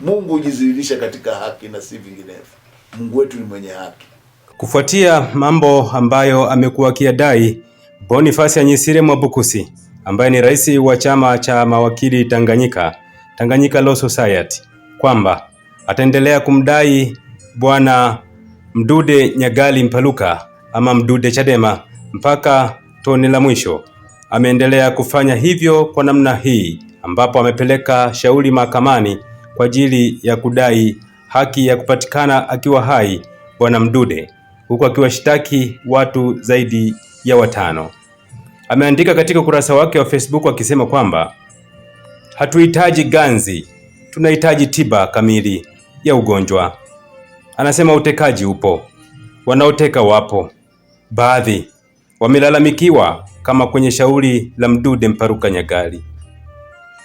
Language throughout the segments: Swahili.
Mungu hujidhihirisha katika haki na si vinginevyo. Mungu wetu ni mwenye haki. Kufuatia mambo ambayo amekuwa akiadai Boniface Anyisire Mwabukusi ambaye ni rais wa chama cha mawakili Tanganyika, Tanganyika Law Society, kwamba ataendelea kumdai bwana Mdude Nyagali Mpaluka ama Mdude Chadema mpaka toni la mwisho. Ameendelea kufanya hivyo kwa namna hii ambapo amepeleka shauri mahakamani kwa ajili ya kudai haki ya kupatikana akiwa hai Bwana Mdude, huku akiwashtaki watu zaidi ya watano. Ameandika katika ukurasa wake wa Facebook akisema kwamba hatuhitaji ganzi, tunahitaji tiba kamili ya ugonjwa. Anasema utekaji upo, wanaoteka wapo, baadhi wamelalamikiwa kama kwenye shauri la Mdude Mparuka Nyagali.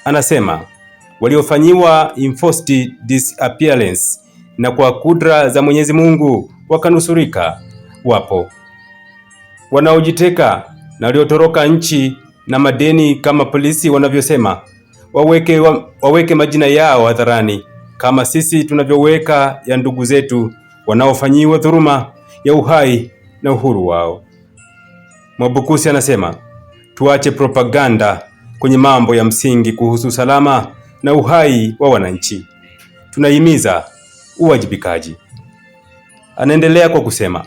Anasema waliofanyiwa enforced disappearance na kwa kudra za Mwenyezi Mungu wakanusurika. Wapo wanaojiteka na waliotoroka nchi na madeni kama polisi wanavyosema, waweke, wa, waweke majina yao hadharani kama sisi tunavyoweka ya ndugu zetu wanaofanyiwa dhuruma ya uhai na uhuru wao. Mwabukusi anasema tuache propaganda kwenye mambo ya msingi kuhusu usalama na uhai wa wananchi. Tunahimiza uwajibikaji. Anaendelea kwa kusema,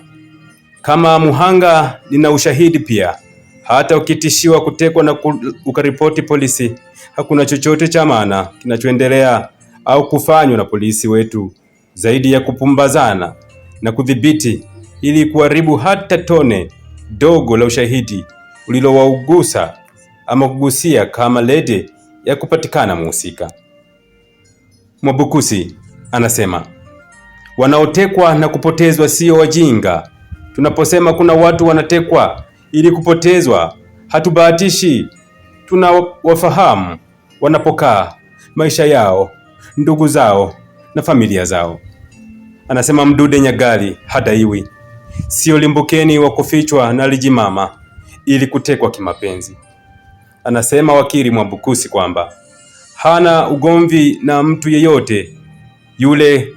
kama muhanga nina ushahidi pia. Hata ukitishiwa kutekwa na ukaripoti polisi, hakuna chochote cha maana kinachoendelea au kufanywa na polisi wetu zaidi ya kupumbazana na kudhibiti ili kuharibu hata tone dogo la ushahidi ulilowaugusa ama kugusia kama lede ya kupatikana muhusika. Mwabukusi anasema wanaotekwa na kupotezwa sio wajinga. Tunaposema kuna watu wanatekwa ili kupotezwa, hatubahatishi, tunawafahamu wanapokaa, maisha yao, ndugu zao na familia zao. Anasema Mdude Nyagali iwi sio limbukeni wa kufichwa na lijimama ili kutekwa kimapenzi. Anasema wakili Mwabukusi kwamba hana ugomvi na mtu yeyote yule.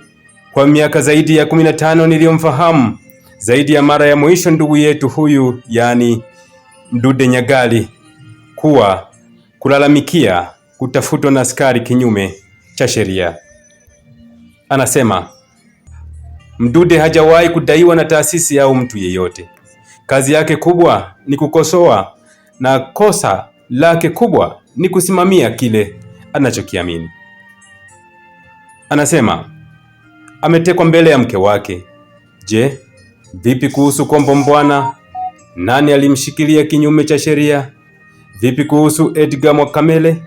Kwa miaka zaidi ya kumi na tano niliyomfahamu zaidi ya mara ya mwisho ndugu yetu huyu, yaani Mdude Nyagali, kuwa kulalamikia kutafutwa na askari kinyume cha sheria. Anasema Mdude hajawahi kudaiwa na taasisi au mtu yeyote. Kazi yake kubwa ni kukosoa na kosa lake kubwa ni kusimamia kile anachokiamini. Anasema ametekwa mbele ya mke wake. Je, vipi kuhusu kombo mbwana? Nani alimshikilia kinyume cha sheria? Vipi kuhusu Edgar Mwakamele?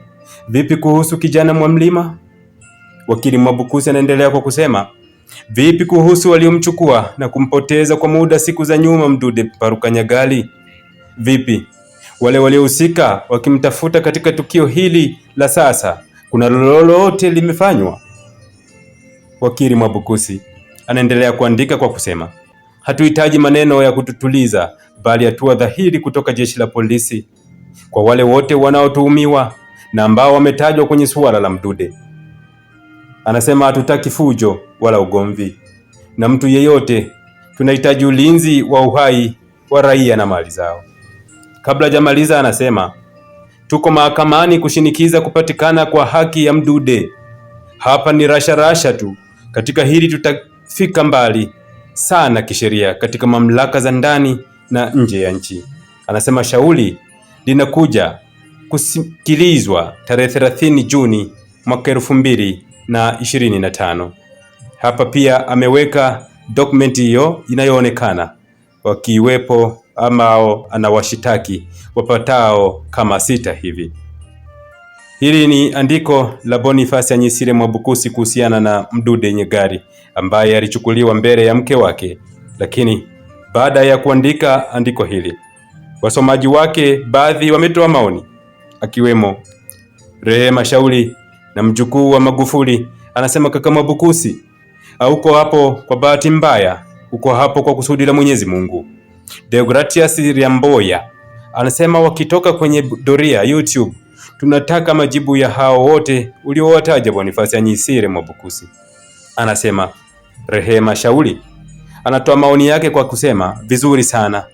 Vipi kuhusu kijana Mwamlima? Wakili Mwabukusi anaendelea kwa kusema, vipi kuhusu waliomchukua na kumpoteza kwa muda siku za nyuma Mdude Parukanyagali? Vipi wale waliohusika wakimtafuta katika tukio hili la sasa. Kuna lolote limefanywa? Wakili Mwabukusi anaendelea kuandika kwa kusema, hatuhitaji maneno ya kututuliza, bali hatua dhahiri kutoka jeshi la polisi kwa wale wote wanaotuhumiwa na ambao wametajwa kwenye suala la Mdude. Anasema hatutaki fujo wala ugomvi na mtu yeyote, tunahitaji ulinzi wa uhai wa raia na mali zao. Kabla hajamaliza anasema tuko mahakamani kushinikiza kupatikana kwa haki ya Mdude. Hapa ni rasha rasha tu. Katika hili tutafika mbali sana kisheria katika mamlaka za ndani na nje ya nchi. Anasema shauri linakuja kusikilizwa tarehe 30 Juni mwaka elfu mbili na ishirini na tano. Hapa pia ameweka dokumenti hiyo inayoonekana wakiwepo ana anawashitaki wapatao kama sita hivi. Hili ni andiko la Bonifasi Anyisire Mwabukusi kuhusiana na Mdude Nyegari ambaye alichukuliwa mbele ya mke wake, lakini baada ya kuandika andiko hili wasomaji wake baadhi wametoa maoni, akiwemo Rehema Shauli na mjukuu wa Magufuli. Anasema, kaka Mwabukusi, hauko hapo kwa bahati mbaya, uko hapo kwa kusudi la Mwenyezi Mungu. Deogratias Ryamboya anasema wakitoka kwenye doria YouTube, tunataka majibu ya hao wote uliowataja. Bonifasi Anyisire Mwabukusi anasema Rehema Shauli anatoa maoni yake kwa kusema vizuri sana,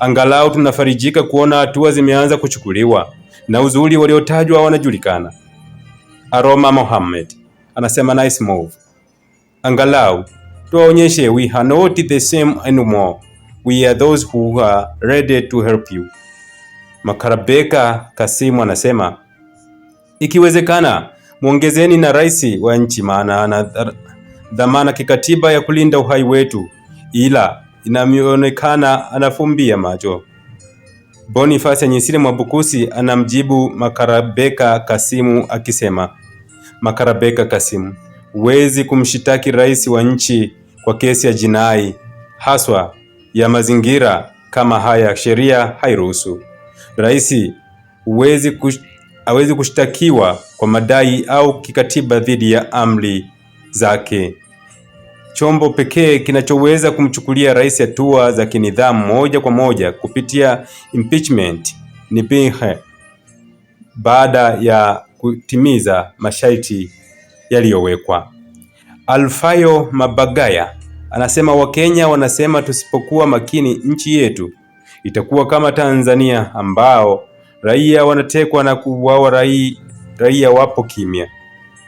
angalau tunafarijika kuona hatua zimeanza kuchukuliwa na uzuri waliotajwa wanajulikana. Aroma Mohammed anasema nice move, angalau tuwaonyeshe we are not the same anymore we are those who are ready to help you. Makarabeka Kasimu anasema ikiwezekana, mwongezeni na rais wa nchi, maana ana dhamana kikatiba ya kulinda uhai wetu, ila inaonekana anafumbia macho. Boniface Anyisire Mwabukusi anamjibu Makarabeka Kasimu akisema, Makarabeka Kasimu, huwezi kumshitaki rais wa nchi kwa kesi ya jinai haswa ya mazingira kama haya sheria hairuhusu. Rais huwezi kush, hawezi kushtakiwa kwa madai au kikatiba dhidi ya amri zake. Chombo pekee kinachoweza kumchukulia rais hatua za kinidhamu moja kwa moja kupitia impeachment ni bunge baada ya kutimiza masharti yaliyowekwa. Alfayo Mabagaya Anasema Wakenya wanasema tusipokuwa makini nchi yetu itakuwa kama Tanzania ambao raia wanatekwa na kuuawa, raia, raia wapo kimya.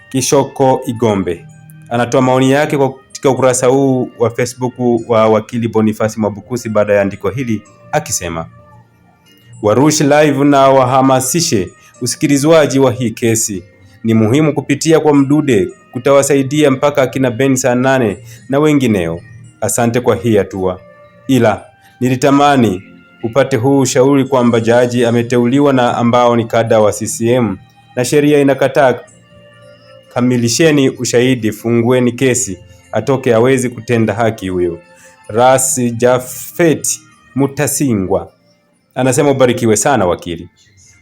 Kishoko Igombe anatoa maoni yake katika ukurasa huu wa Facebook wa wakili Bonifasi Mwabukusi baada ya andiko hili akisema, Warushi Live na wahamasishe usikilizwaji wa hii kesi, ni muhimu kupitia kwa Mdude utawasaidia mpaka akina Ben saa nane na wengineo. Asante kwa hii hatua, ila nilitamani upate huu ushauri kwamba jaji ameteuliwa na ambao ni kada wa CCM na sheria inakataa. Kamilisheni ushahidi, fungueni kesi, atoke, hawezi kutenda haki huyo. Ras Jafet Mutasingwa anasema ubarikiwe sana wakili,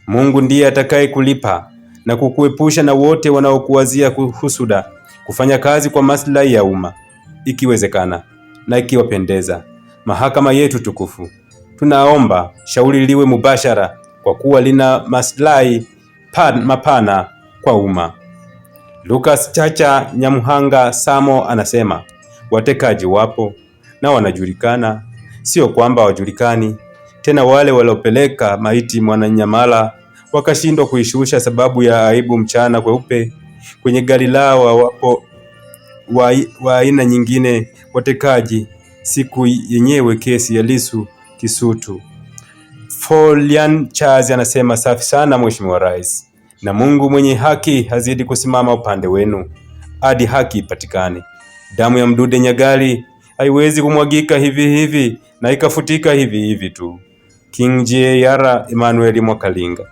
Mungu ndiye atakaye kulipa na kukuepusha na wote wanaokuwazia husuda, kufanya kazi kwa maslahi ya umma ikiwezekana na ikiwapendeza. Mahakama yetu tukufu, tunaomba shauri liwe mubashara kwa kuwa lina maslahi mapana kwa umma. Lucas Chacha Nyamuhanga Samo anasema watekaji wapo na wanajulikana, sio kwamba wajulikani tena. Wale waliopeleka maiti Mwananyamala wakashindwa kuishusha sababu ya aibu. Mchana kweupe kwenye gari lao wapo wa aina nyingine watekaji, siku yenyewe kesi ya Lisu Kisutu. Folian Chazi anasema safi sana Mheshimiwa Rais, na Mungu mwenye haki hazidi kusimama upande wenu hadi haki ipatikane. Damu ya Mdude Nyagali haiwezi kumwagika hivi hivi na ikafutika hivi hivi tu. King J. Yara Emmanuel Mwakalinga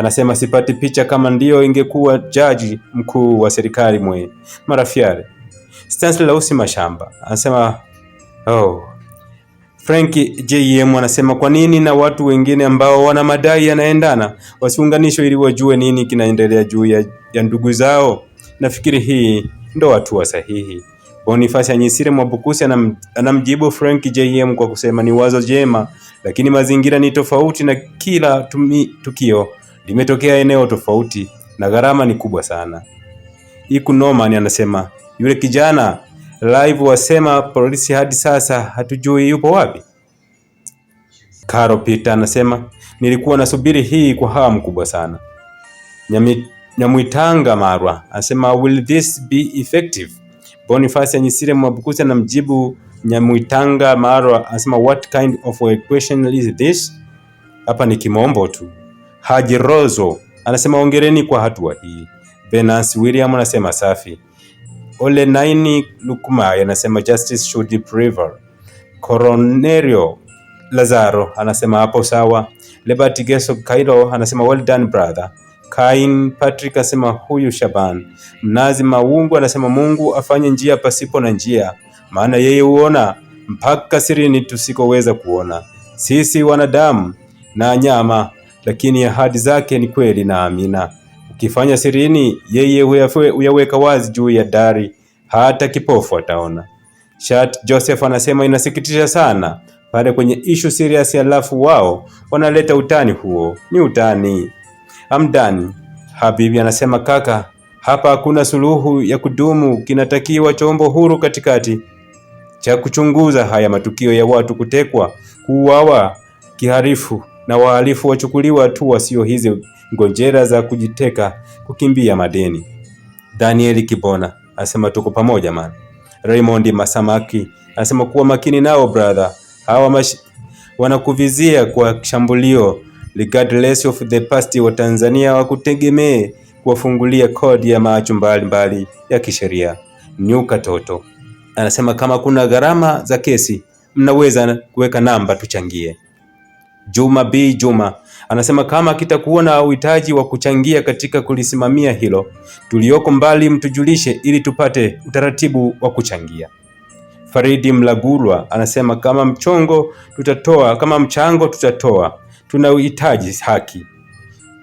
Anasema sipati picha kama ndiyo ingekuwa jaji mkuu wa serikali mwe marafiare. Stanley Mashamba anasema oh. Frank JM anasema kwa nini na watu wengine ambao wana madai yanaendana wasiunganishwe ili wajue nini kinaendelea juu ya, ya ndugu zao? Nafikiri hii ndo hatua sahihi. Bonifasi Anyisire Mwabukusi anam, anamjibu Frank JM kwa kusema ni wazo jema, lakini mazingira ni tofauti na kila tumi, tukio limetokea eneo tofauti na gharama ni kubwa sana. Iku Norman anasema yule kijana live wasema polisi hadi sasa hatujui yupo wapi. Karo Peter anasema nilikuwa nasubiri hii kwa hamu kubwa sana. Nyami, Nyamwitanga Marwa anasema will this be effective? Boniface Anyisire Mwabukusi anamjibu Nyamwitanga Marwa anasema what kind of equation is this? Hapa ni kimombo tu. Haji Rozo anasema ongereni kwa hatua hii. Venance William anasema safi. Ole Naini Lukumai anasema justice should prevail. Coronerio Lazaro anasema hapo sawa. Liberty Geso Kairo anasema well done brother. Kain Patrick anasema huyu Shaban. Mnazi Maungu anasema Mungu afanye njia pasipo na njia, maana yeye huona mpaka sirini tusikoweza kuona sisi wanadamu na nyama lakini ahadi zake ni kweli na amina. Ukifanya sirini, yeye huyaweka wazi juu ya dari, hata kipofu ataona. Shat Joseph anasema inasikitisha sana pale kwenye ishu serious, alafu wao wanaleta utani. Huo ni utani. Hamdani Habibi anasema kaka, hapa hakuna suluhu ya kudumu, kinatakiwa chombo huru katikati cha kuchunguza haya matukio ya watu kutekwa, kuuawa kiharifu na wahalifu wachukuliwa tu wasio hizi ngonjera za kujiteka kukimbia madeni. Daniel Kibona asema tuko pamoja man. Raymond Masamaki asema kuwa makini nao brother, hawa wanakuvizia kwa shambulio. Regardless of the past, wa Tanzania wakutegemee kuwafungulia kodi ya macho mbalimbali ya kisheria. Nyuka Toto anasema kama kuna gharama za kesi mnaweza kuweka namba tuchangie. Juma B Juma anasema kama kitakuwa na uhitaji wa kuchangia katika kulisimamia hilo, tulioko mbali mtujulishe ili tupate utaratibu wa kuchangia. Faridi Mlagulwa anasema kama mchongo tutatoa, kama mchango tutatoa, uhitaji haki.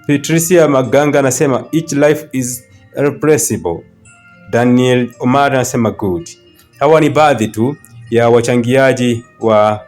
Patricia Maganga anasema each life is irreplaceable. Daniel Omar anasema good. Hawa ni baadhi tu ya wachangiaji wa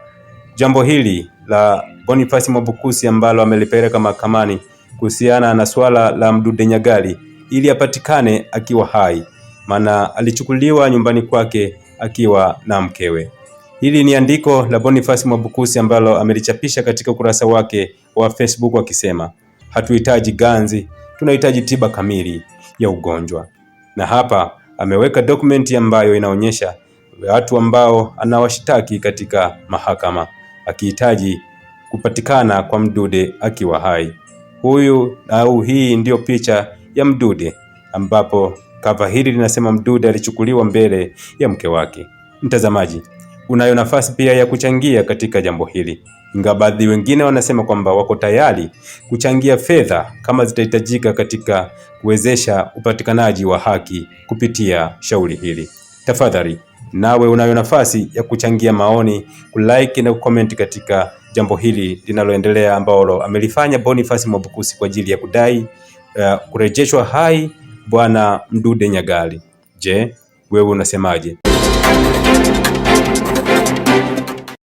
jambo hili la Boniface Mwabukusi ambalo amelipeleka mahakamani kuhusiana na swala la Mdude Nyagali ili apatikane akiwa hai, maana alichukuliwa nyumbani kwake akiwa na mkewe. Hili ni andiko la Boniface Mwabukusi ambalo amelichapisha katika ukurasa wake wa Facebook akisema, hatuhitaji ganzi, tunahitaji tiba kamili ya ugonjwa. Na hapa ameweka dokumenti ambayo inaonyesha watu ambao anawashitaki katika mahakama akihitaji kupatikana kwa Mdude akiwa hai. Huyu au hii ndiyo picha ya Mdude ambapo kava hili linasema Mdude alichukuliwa mbele ya mke wake. Mtazamaji, unayo nafasi pia ya kuchangia katika jambo hili, ingawa baadhi wengine wanasema kwamba wako tayari kuchangia fedha kama zitahitajika katika kuwezesha upatikanaji wa haki kupitia shauri hili. Tafadhali nawe unayo nafasi ya kuchangia maoni, kulike na kucomment katika jambo hili linaloendelea ambalo amelifanya Boniface Mwabukusi kwa ajili ya kudai uh, kurejeshwa hai Bwana Mdude Nyagali. Je, wewe unasemaje?